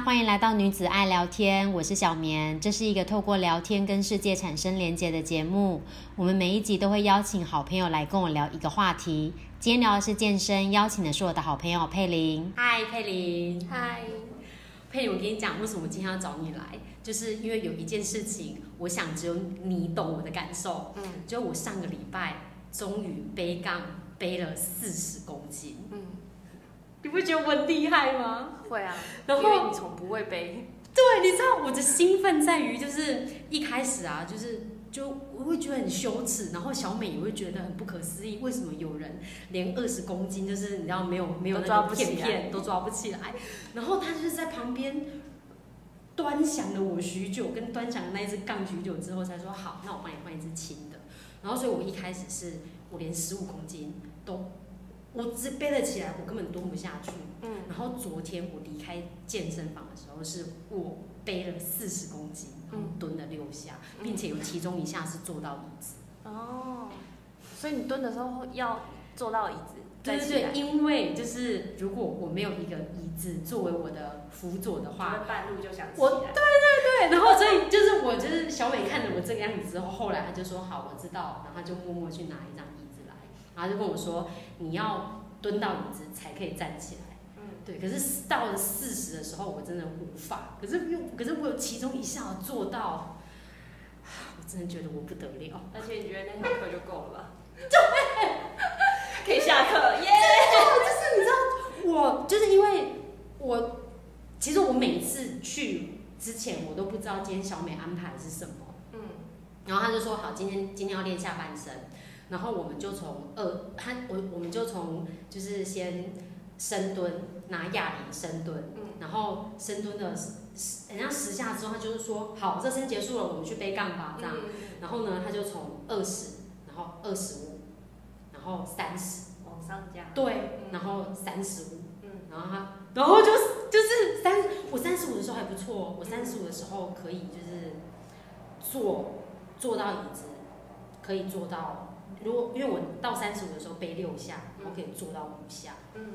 歡迎來到女子愛聊天，我是小綿，這是一個透過聊天跟世界產生連結的節目。我們每一集都會邀請好朋友來跟我聊一個話題。今天聊的是健身，邀請的是我的好朋友佩玲。嗨，佩玲。嗨，佩玲，我跟你講，為什麼我今天要找你來，就是因為有一件事情，我想只有你懂我的感受。嗯。就我上個禮拜終於背槓背了四十公斤。嗯。你不覺得我很厲害嗎？會啊，因為你從不會背。對，你知道我的興奮在於，就是一開始啊，就是就我會覺得很羞恥，然後小美也會覺得很不可思議，為什麼有人連二十公斤，就是你知道沒有沒有那個片片都抓不起來，都抓不起來 然後他就是在旁邊端詳了我許久，跟端詳那一隻槓許久之後，才說好，那我幫你換一隻輕的。然後所以我一開始是我連十五公斤都。我只背了起來，我根本蹲不下去。嗯，然後昨天我離開健身房的時候，是我背了四十公斤，嗯，然後蹲了六下，並且有其中一下是坐到椅子。哦，所以你蹲的時候要坐到椅子。對對對，因為就是如果我沒有一個椅子、嗯、作為我的輔佐的話，的半路就想起來我。對對對，然後所以就是我就是小美看着我這個樣子之後，後來他就說好，我知道，然後就默默去拿一張。然後就跟我說，你要蹲到椅子才可以站起來。嗯，對。可是到了四十的時候，我真的無法。可是我可是我有其中一項做到，我真的覺得我不得了。而且你覺得那堂課就夠了吧？夠、嗯， 可以下課耶、yeah! 就是！就是你知道，我就是因為我其實我每次去之前，我都不知道今天小美安排的是什麼。嗯，然後他就說好，今天今天要練下半身。然後我們就從二，他我我們就從就是先深蹲拿啞鈴深蹲，嗯，然後深蹲的十人家十下之後，他就是說好熱身結束了，我們去背槓吧這樣，嗯。然後呢，他就從二十，然後二十五，然後三十，往上加。對，然後三十五，嗯，然後他然後就是、就是三，我三十五的時候還不錯，我三十五的時候可以就是坐坐到椅子，可以坐到。如果因為我到三十五的時候背六下，我可以做到五下，嗯，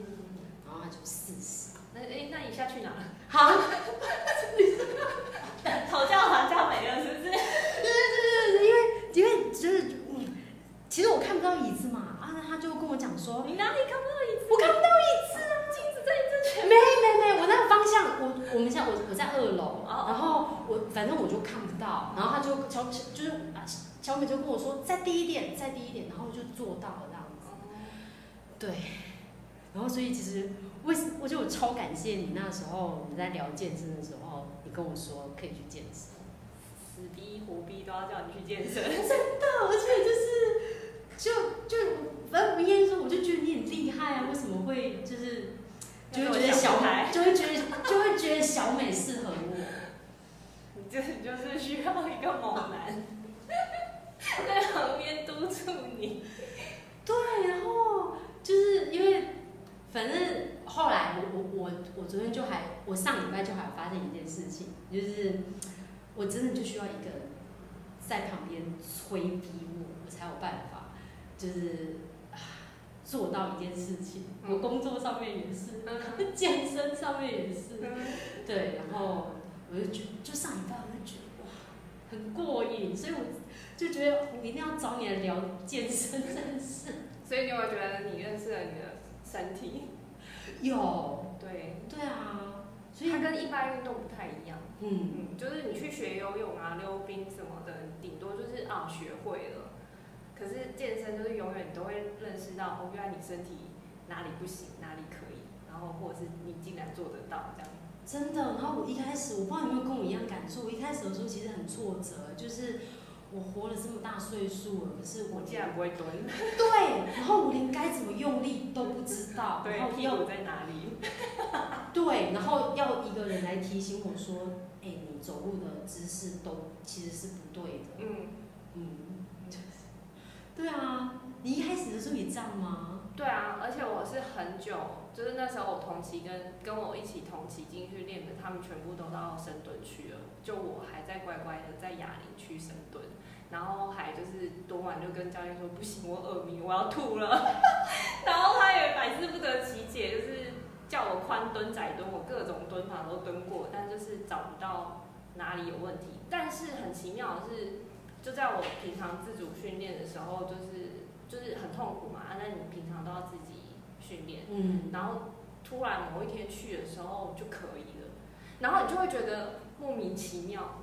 然後他、嗯、就四十、啊。那哎，那你下去哪？好，你 說， 吵架好像沒了，是不是？對對對對因為因為就是、嗯，其實我看不到椅子嘛，啊，他就跟我講說，你哪裡看不到椅子？我看不到椅子，我看不到椅子啊，鏡子在你前。沒沒沒，我那個方向，我我們現在我我在二樓，哦、然後。我反正我就看不到，然後他就小，小就是啊，小美就跟我說再低一點，再低一點，然後就做到了這樣子。對，然後所以其實為，什，我就我，我超感謝你那時候你在聊健身的時候，你跟我說可以去健身，死逼活逼都要叫你去健身，真的，而且就是就就反正吳彥說我就覺得你很厲害啊，為什麼會就是就會覺得小孩，就會覺得就會覺得小美適合。就是就是需要一個猛男在旁邊督促你， 對，然後就是因為反正後來我我我昨天就還我上禮拜就還發生一件事情，就是我真的就需要一個在旁邊催逼我我才有辦法，就是、啊、做到一件事情。我工作上面也是， 健身上面也是， 對，然後。我就覺，就上一半我就覺得哇，很過癮，所以我就覺得我一定要找你來聊健身這件事。 所以你有沒有覺得你認識了你的身體？有，對，對啊。啊所以它跟一般運動不太一樣。嗯嗯，就是你去學游泳啊、溜冰什麼的，頂多就是啊學會了。可是健身就是永遠你都會認識到，哦，原來你身體哪裡不行，哪裡可以。然後，或者是你竟然做得到這樣？真的。然後我一開始，我不知道有沒有跟我一樣敢做、嗯。我一開始的時候其實很挫折，就是我活了這麼大歲數了，可是我竟然不會蹲。對，然後我連該怎麼用力都不知道。 然後屁股在哪裡？ 對，然後要一個人來提醒我說：“哎，你走路的姿勢都其實是不對的。嗯”嗯嗯、就是，對啊，你一開始的時候也這樣嗎？對啊，而且我是很久，就是那時候我同期跟跟我一起同期進去練的，他們全部都到深蹲去了，就我還在乖乖的在啞鈴區深蹲，然後還就是多晚就跟教練說不行，我耳鳴，我要吐了， 然後他也百思不得其解，就是叫我寬蹲窄蹲窄，我各種蹲法都蹲過，但就是找不到哪裡有問題，但是很奇妙的是，就在我平常自主訓練的時候，就是。就是很痛苦嘛，那、啊、你平常都要自己訓練，嗯，然後突然某一天去的時候就可以了，然後你就會覺得莫名其妙，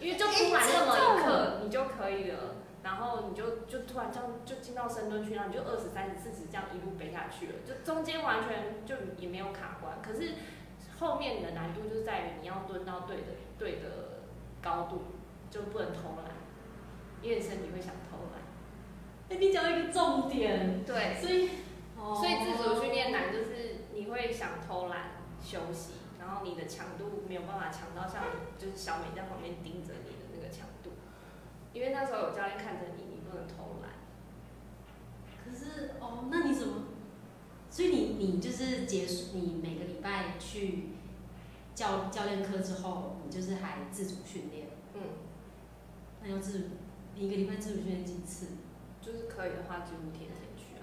因為就突然那麼一刻、欸、你就可以了，嗯、然後你就就突然這樣就進到深蹲去，然後你就二十三十四十這樣一路背下去了，就中間完全就也沒有卡關，可是後面的難度就在於你要蹲到對的對的高度，就不能偷懶，因為你身體會想偷懶。那你講一個重點，對，所以、哦、所以自主訓練難，就是你會想偷懶休息，然後你的強度沒有辦法強到像就是小美在旁邊盯着你的那個強度，因為那時候有教練看着你，你不能偷懶。可是哦，那你怎麼？所以你你就是結束你每個禮拜去教教練課之後，你就是還自主訓練，嗯，那自主一個禮拜自主訓練幾次？可以的話，就天天去啊。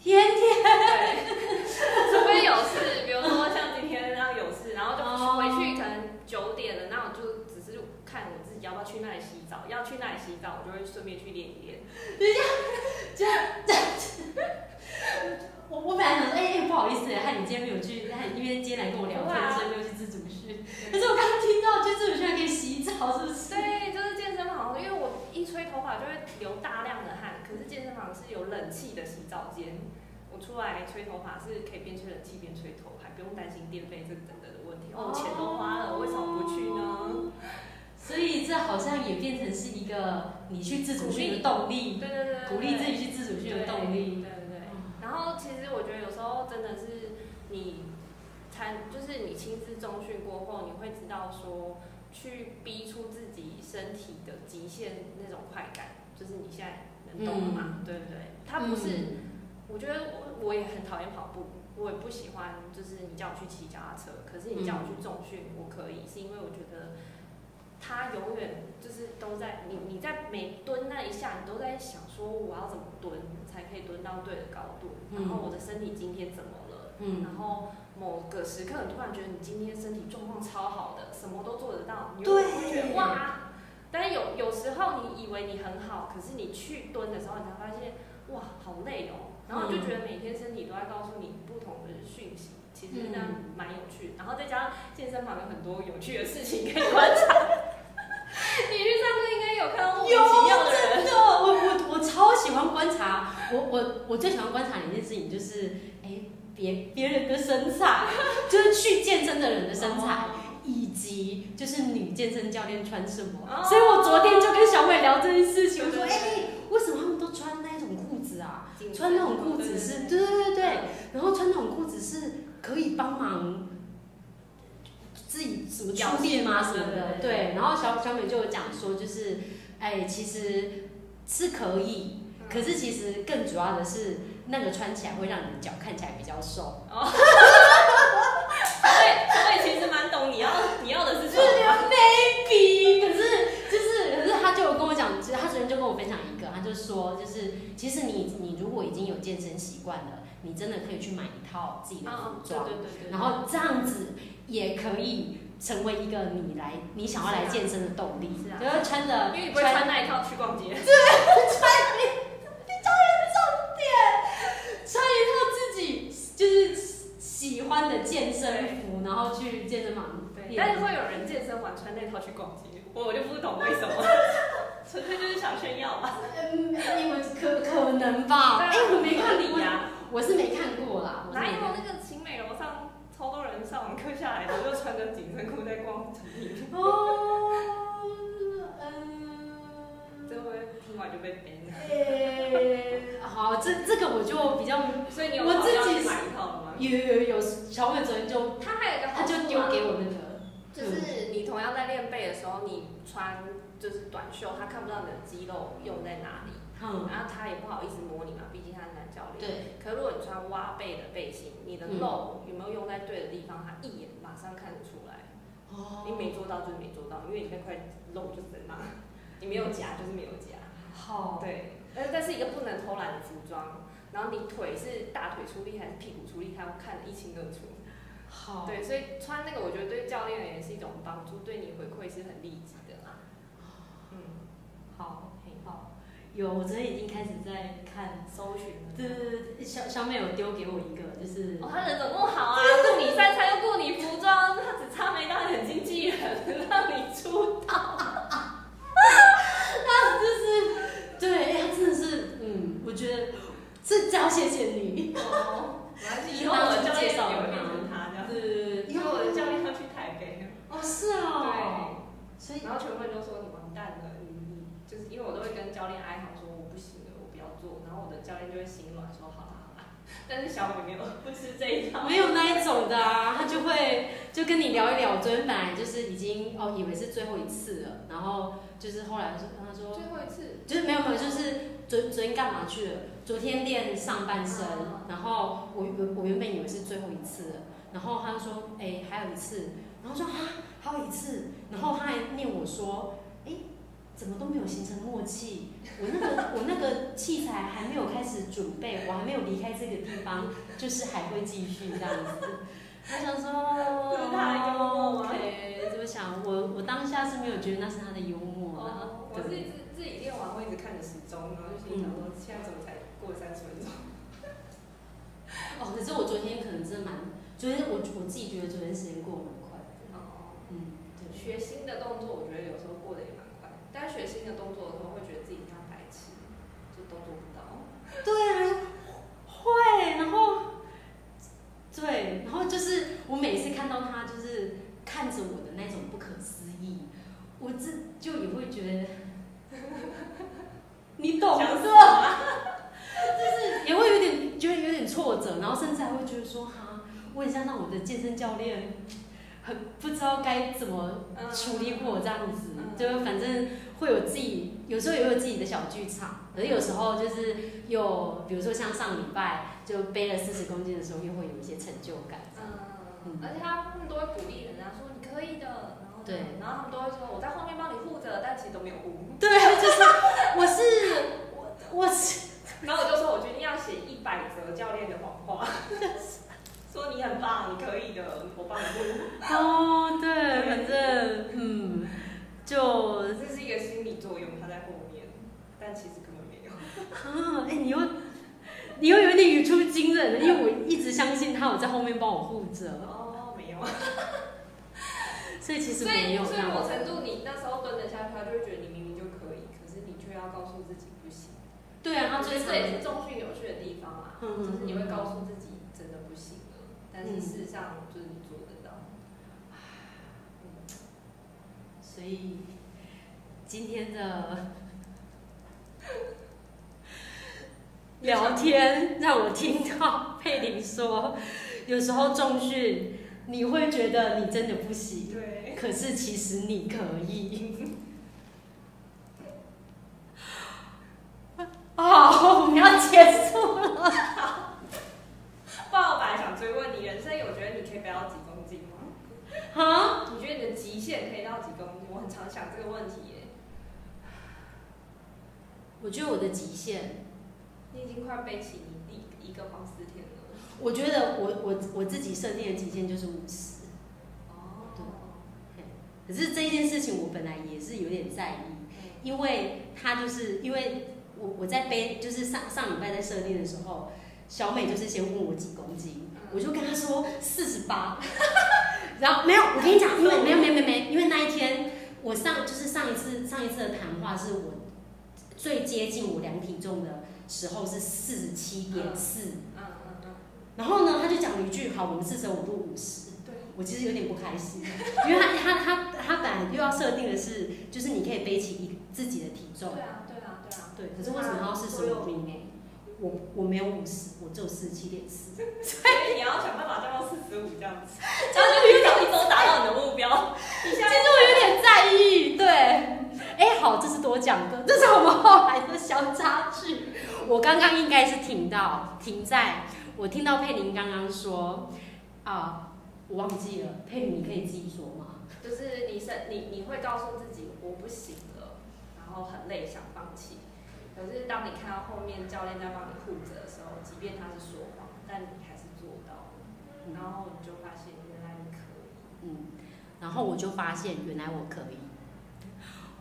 天天。對，除 非有事，比如說像今天那樣有事，然後就回去可能九點了，那我就只是看我自己要不要去那裡洗澡。要去那裡洗澡，我就會順便去練一練。這樣這樣。我我本來想說，哎、欸、不好意思害、欸、你今天沒有去，害你今天來跟我聊天，所以沒有去自主訓。可是我剛剛聽到，去自主訓還可以洗澡，是不是？對，就是健身房，因為我一吹頭髮就會流大。可是健身房是有冷氣的洗澡間，我出來吹頭髮是可以邊吹冷氣邊吹頭，還不用擔心電費這等等的問題。我、哦、錢都花了，我為什麼不去呢？所以這好像也變成是一個你去自主訓的,的動力，對對對，鼓勵自己去自主訓的動力，對對對。然後其實我覺得有時候真的是你參，就是你親自重訓過後，你會知道說去逼出自己身體的極限那種快感，就是你現在。懂了嘛、嗯？對不對？他不是、嗯，我覺得我也很討厭跑步，我也不喜歡。就是你叫我去騎腳踏車，可是你叫我去重訓，嗯、我可以，是因為我覺得他永遠就是都在你，你在每蹲那一下，你都在想說我要怎麼蹲才可以蹲到對的高度。然後我的身體今天怎麼了？嗯、然後某個時刻你突然覺得你今天身體狀況超好的，什麼都做得到，你會覺得哇！但是有有時候。以為你很好，可是你去蹲的時候，你才發現哇，好累哦。然後就覺得每天身體都在告訴你不同的訊息、嗯，其實呢蠻有趣的。然後再加上健身房有很多有趣的事情可以觀察。 你去上課應該有看到不一樣的人，真的，我我我超喜歡觀察。我我我最喜歡觀察的一件事情就是，哎、欸，別別人的身材，就是去健身的人的身材，哦、以及就是女健身教練穿什麼、哦。所以我昨。在聊這件事情，對對對說哎、欸，為什麼他們都穿那種褲子啊？穿那種褲子是對對對，對、嗯、然後穿那種褲子是可以幫忙自己什麼腳墊嗎什麼的？對，對，對，對，對，對，對，對，對，然後小小美就有講說，就是哎、欸，其實是可以、嗯，可是其實更主要的是那個穿起來會讓你的腳看起來比較瘦。所、哦、以 所以其實蠻懂你要你要的是什麼。對對對說就是，其實你你如果已經有健身習慣了，你真的可以去買一套自己的服裝，啊啊對對對對，然後這樣子也可以成為一個你來、嗯、你想要來健身的動力。是啊是啊，就是穿著，因為你不會穿那一套去逛街，對，穿 你你注意重點，穿一套自己就是喜歡的健身服，然後去健身房。對，但是會有人健身完穿那套去逛街，我我就不懂為什麼。 純粹就是想炫耀吧，你們可可能吧。哎、欸，我沒看你呀，我是沒看過啦。哪有那個秦美樓上，上超多人上完課下來了，然 就穿着緊身褲在逛城裡哦，嗯、oh, um, 這回立馬就被 ban 了。Eh, 好，這這個我就比較，所以你自己買一套了嗎？有有有，小美昨天就，他還有一個，他就丟給我那個，就是。時候你穿就是短袖，他看不到你的肌肉用在哪裡，嗯、然後他也不好意思摸你嘛，畢竟他是男教練。對。可如果你穿挖背的背心，你的肉有沒有用在對的地方，他一眼馬上看得出來。哦、嗯。你沒做到就是沒做到，因為你那塊肉就是在那、嗯，你沒有夾就是沒有夾。好。對，但是一個不能偷懶的服裝，然後你腿是大腿出力還是屁股出力，他看得一清二楚。好，對，所以穿那個我覺得對教練也是一種幫助，對你回饋是很積極的嘛。嗯，好，很好。有，我昨天已經開始在看搜尋了。對對對，小小美有丟給我一個，就是哦，他人怎麼好啊，顧你身材又顧你服裝，他只差沒當你的經紀人讓你出道啊。對 他就是，對，他真的是，嗯，我覺得這就要謝謝你哦，還是因為我的教練。是，因為我的教練要去台北。哦，是哦。對。所以，然後全部人都說你完蛋了，你、嗯、你就是因為我都會跟教練哀嚎說我不行了，我不要做。然後我的教練就會心軟說好啦好啦。但是小美沒有不吃這一套，沒有那一種的啊，他就會就跟你聊一聊。昨天本來就是已經哦以為是最後一次了，然後就是後來我就跟他說最後一次，就是沒有沒有就是昨昨天幹嘛去了？昨天練上半身，啊、然後我我原本以為是最後一次了。然後他就說：“哎、欸，還有一次。”然後說：“啊，還有一次。”然後他還念我說：“哎、欸，怎麼都沒有形成默契？我那個我那個器材還沒有開始準備，我還沒有離開這個地方，就是還會繼續這樣子。”我想說：“太是幽默怎麼想？我我當下是沒有覺得那是他的幽默、哦。我自自自己練完，會一直看着時鐘，然後就心想說：“現在怎麼才過三十分鐘？”哦，可是我昨天可能真的蠻。所以我我自己覺得昨天時間過得蠻快哦，嗯，對，學新的動作，我覺得有時候過得也蠻快。但學新的動作的時候，會覺得自己非常白痴，就動作不到。對啊，會，然後，對，然後就是我每次看到他，就是看着我的那種不可思議，我自就也會覺得， 你懂是吧？ 就是也會有點。挫折，然後甚至還會覺得說，哈，問一下那我的健身教練，不知道該怎麼處理我這樣子。嗯嗯，就反正會有自己，有時候也會有自己的小劇場，可是有時候就是又，比如說像上禮拜就背了四十公斤的時候，又會有一些成就感。嗯，而且他們都會鼓勵人家說你可以的，然後對，然後他們都會說我在後面幫你護着，但其實都沒有護。對，就是我是我我是。我是我是然後我就說，我決定要寫一百則教練的謊話， 說你很棒，你可以的，我幫你。哦，對，反正嗯，就這是一個心理作用，他在後面，但其實根本沒有。啊，哎、欸，你又你又有點語出驚人，因為我一直相信他有在後面幫我護著。哦，沒有。 所以其實沒有。所以某種程度，你那時候蹲得下他就會覺得你明明就可以，可是你卻要告訴自己。對啊，就是這也是重訓有趣的地方啊、嗯，就是你會告訴自己真的不行了、嗯，但是事實上就是你做得到、嗯，所以今天的聊天讓我聽到佩玲說，有時候重訓你會覺得你真的不行，對，對可是其實你可以。 要結束了 爸，爸爸本來想追問你，人生，我覺得你可以不要幾公斤嗎？啊、huh?？你覺得你的極限可以到幾公斤？我很常想這個問題耶。我覺得我的極限， 你已經快背起你一,一,一,一個黃思甜了。我覺得我我我自己設定的極限就是五十。哦。對。可是這件事情，我本來也是有點在意，okay. 因為他就是因為。我我在背，就是上上禮拜在設定的時候，小美就是先問我幾公斤，我就跟她說四十八， 然後沒有，我跟你講，因為沒有沒有沒有，因為那一天我上就是上一次上一次的談話是我最接近我量體重的時候是四十七點四，嗯、uh-huh. uh-huh. 然後呢，他就講了一句，好，我們四捨五入五十，對，我其實有點不開心，因為他他他他本來又要設定的是，就是你可以背起一自己的體重。對，可是為什麼要四十五名呢、啊哦？我我沒有五十，我只有四十七點四，所以 你要想辦法降到四十五這樣子， 樣就是你想你多達到你的目標 ？其實我有點在意，對，哎，好，這是多講的，這是我們後來的小插曲，我剛剛應該是停到，停在，我聽到佩林剛剛說啊、呃，我忘記了，佩林你可以自己說嗎？就是你是你你會告訴自己，我不行。然後很累，想放棄。可是當你看到後面教練在幫你護着的時候，即便他是說謊，但你還是做到了，嗯。然後你就發現原來你可以，嗯。然後我就發現原來我可以。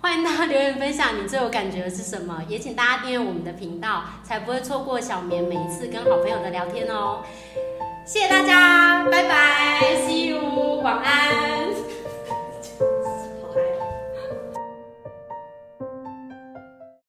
歡迎大家留言分享你最有感覺的是什麼？也請大家訂閱我們的頻道，才不會錯過小綿每一次跟好朋友的聊天哦。謝謝大家，拜拜，See you，晚安。